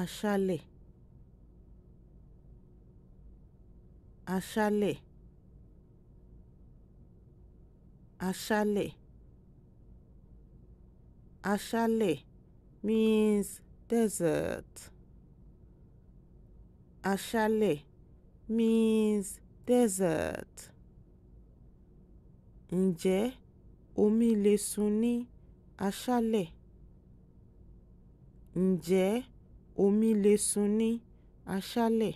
aṣálẹ̀ aṣálẹ̀ aṣálẹ̀ aṣálẹ̀ means desert aṣálẹ̀ means desert ǹjẹ́ omi lè sun ní aṣálẹ̀? ǹjẹ́ omi le sun ní aṣálẹ̀.